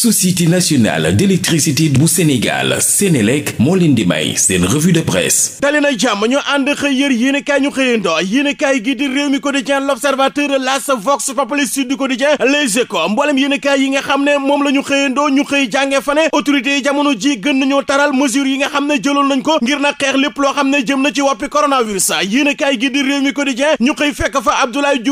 société nationale d'électricité bu Sénégal Sénélec moo leen di may seen revue de presse dali na jàmm ñu ànd xëy yër yéen kaay ñu xëyando yéen kaay gi di réew mi quotidien l'observateur las vox mboolem yéen kaay yi nga xam ne moom la ñu xëyandoo ñu xëy jànge fa ne autorité yi jamono ji gën nañoo taral mesures yi nga xam ne jëloon nañ ko ngir na xeex lépp loo xam ne jëm na ci woppi coronavirus yéen kaay gi di réew mi quotidien ñu xëy fekk fa Abdoulaye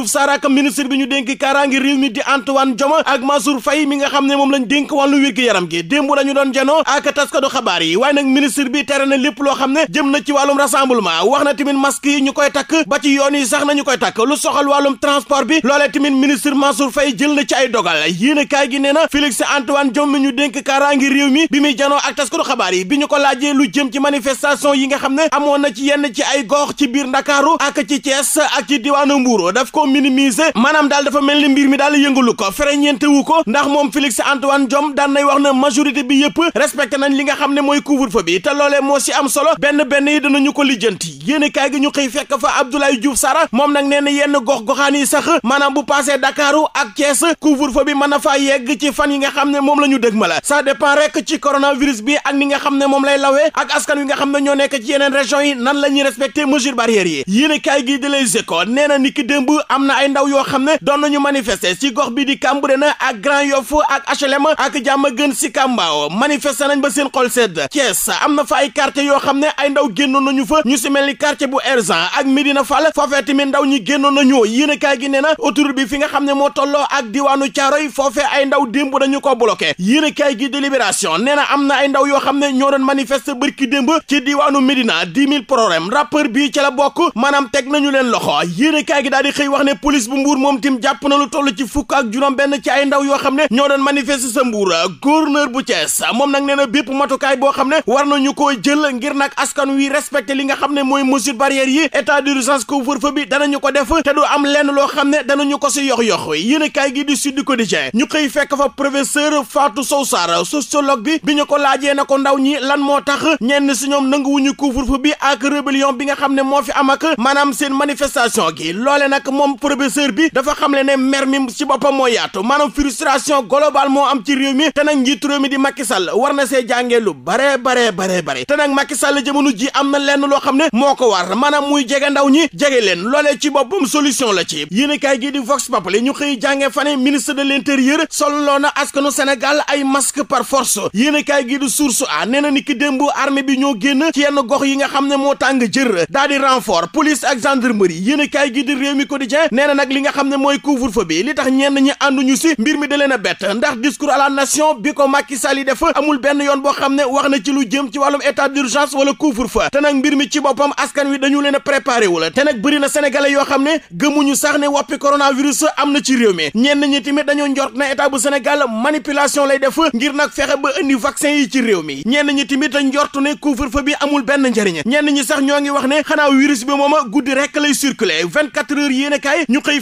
nga xam ne moom lañ dénk wàllu wér-gu-yaram gi démb dañu doon janoo ak taskatu xabaar yi waaye ministre bi tere na lépp loo xam ne jëm na ci wàllum rassemblement wax na tamit masque yi ñu koy takk ba ci yoon yi sax nañu koy takk lu soxal wàllum transport bi loolee tamit ministre Mansour Faye jël na ci ay dogal yéen a gi nee na Félix Antoine Diome mi ñu dénk kaaraangi réew mi bi muy janoo ak taskatu xabaar yi bi ñu ko laajee lu jëm ci manifestation yi nga xam ne amoon Diom daan nay wax na majorité bi yëpp respecté nañ li nga xam ne mooy couvre-feu bi te loolee moo si am solo benn benn yi dinañu ko lijjanti yéene kaay gi ñu xëy fekk fa Abdoulaye Diouf sara moom nag nee na yenn gox-goxaan yi sax maanaam bu passé Dakaru ak Thiès couvre-feu bi mën na faa yegg ci fan yi nga xam ne moom la ñu dëgmal sa dépend rek ci coronavirus bi ak ni nga xam ne moom lay lawe ak askan wi nga xam ne ñoo nekk ci yeneen région yi nan la ñuy respecté mesures barrières yi yéene kaay gi di Les nee na ni ki démb am na ay ndaw yoo xam ne doon nañu manifester ci gox bi di Cambérène ak Grand Yoff ak HLM ak jàmm gën si kàmbaaw manifesté nañ ba seen xol sedd Thiès am na fa ay quartier yoo xam ne ay ndaw génnoon nañu fa ñu si mel ni quartier bu Erzan ak Medina Fall foofee tamit ndaw ñi génnoon nañu yéen a kaay gi nee na autoroute fi nga xam ne moo tollo ak diwaanu Thiaroye foofe ay ndaw démb dañu ko bloqué yéen a kaay gi délibération nee na am na ay ndaw yoo xam ne ñoo doon manifester bërki démb ci diwaanu Medina dix mille problème rappeur bii ci la bokk maanaam teg nañu leen loxo yéen a kaay gi wax ne police bu Mbuur moom tim jàpp na lu toll ci fukk ak juróom benn ci ay ndaw yoo xam ne ñoo doon manifester Mbour gouverneur bu Thiès moom nag nee na bépp matukaay boo xam ne war nañu koo jël ngir nag askan wi respecté li nga xam ne mooy mesure barrière yi état d'urgence couvre-feu bi danañu ko def te du am lenn loo xam ne danañu ko si yox-yox yéenekaay gi di Sud Quotidien ñu xëy fekk fa professeur Fatou Sow Sarr sociologue bi bi ñu ko laajee na ko ndaw ñi lan moo tax ñenn si ñoom nanguwuñu couvre-feu bi ak rébellion bi nga xam ne moo fi am ak maanaam seen manifestation gi loole nag moom professeur bi dafa xamle ne mer mi ci boppam réew mi te nag njiitu réew mi di Macky Sall see jàngee bare bare bare bare te nag Macky Sall ji am na lenn loo xam ne moo ko war maanaam muy jege ndaw ñi jege leen loolee ci boppam solution la ci yéenekaay gi di Vox Populi ñu xëy jàngee fane ministre de l'intérieur solloo na askanu Sénégal ay masque par force yéenekaay gi di Source A nee na ni ki démb bi ñoo génn ci yenn gox yi nga xam ne moo tàng jër daal di renfort police ak gendarmerie yéenekaay gi na nag nga xam ne mooy couvre-feu bi li tax ñenn ñi ànduñu si da leen a bett la nation bi ko Macky Sall yi def amul benn yoon boo xam ne wax na ci lu jëm ci wàllum état d'urgence wala couvre-feu te nag mbir mi ci boppam askan wi dañu leen a préparé wu la te nag bëri na sénégalais yoo xam ne gëmuñu sax ne woppi coronavirus am na ci réew mi ñenn ñi tamit dañoo njort na état bu Sénégal lay def ngir nag fexe ba indi vaccin yi ci réew mi ñenn ñi tamit njort ne couvre-feu bi amul benn njëriñ ñenn ñi sax ñoo ngi wax ne xanaa virus bi mooma guddi rek lay a kaay ñu xëy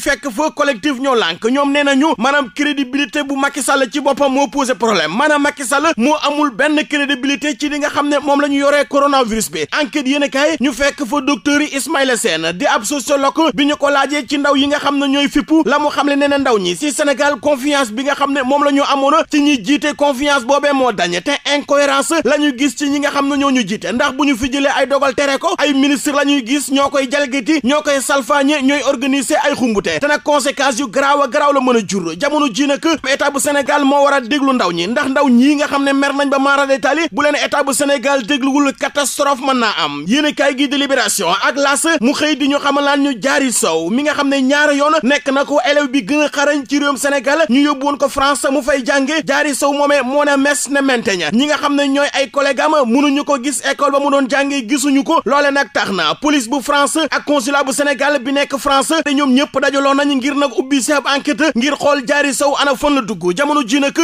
moo posé problème maanaam Macky Sall moo amul benn crédibilité ci li nga xam ne moom la ñu yoree coronavirus bi enquête yéen a kaay ñu fekk fa docteur Ismaïla Sène di ab sociologue bi ñu ko laajee ci ndaw yi nga xam ne ñooy fippu la mu xam le nee na ndaw ñi si Sénégal confiance bi nga xam ne moom la ñu amoon ci ñi jiite confiance boobee moo dañe te incohérence la ñu gis ci ñi nga xam ne ñoo ñu jiite ndax bu ñu fi jëlee ay dogal tere ko ay ministre la ñuy gis ñoo koy jalgati ñoo koy salfaañe ñooy organiser ay xumbute te nag conséquences yu garaaw a la mën a jur jamono ji nag état bu Sénégal état déglu ndaw ñi ndax ndaw ñii nga xam ne mer nañ ba maara détaali bu leen état bu Sénégal dégluwul catastrophe mën na am yéen kaay gi de Libération ak L'As mu xëy di ñu xamalaan ñu jaari sow mi nga xam ne ñaar yoon nekk na ko élève bi gën xarañ ci réewum Sénégal ñu yóbbu woon ko France mu fay jànge jaari sow moomee moo ne mes ne menteña ñi nga xam ne ñooy ay collègue mënuñu ko gis école ba mu doon jànge gisuñu ko loole nag tax na police bu France ak consulat bu Sénégal bi nekk France te ñoom ñëpp dajaloo nañu ngir nag ubbi si ab enquête ngir xool jaari sow ana fan la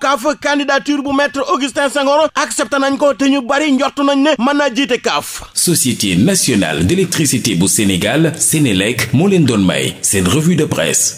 CAF candidature bu maître Augustin Senghor accepté nañ ko te ñu bari njort nañ ne mën naa jiite CAF. Société nationale d'électricité bu Sénégal Sénélec moo leen doon may seen revue de presse.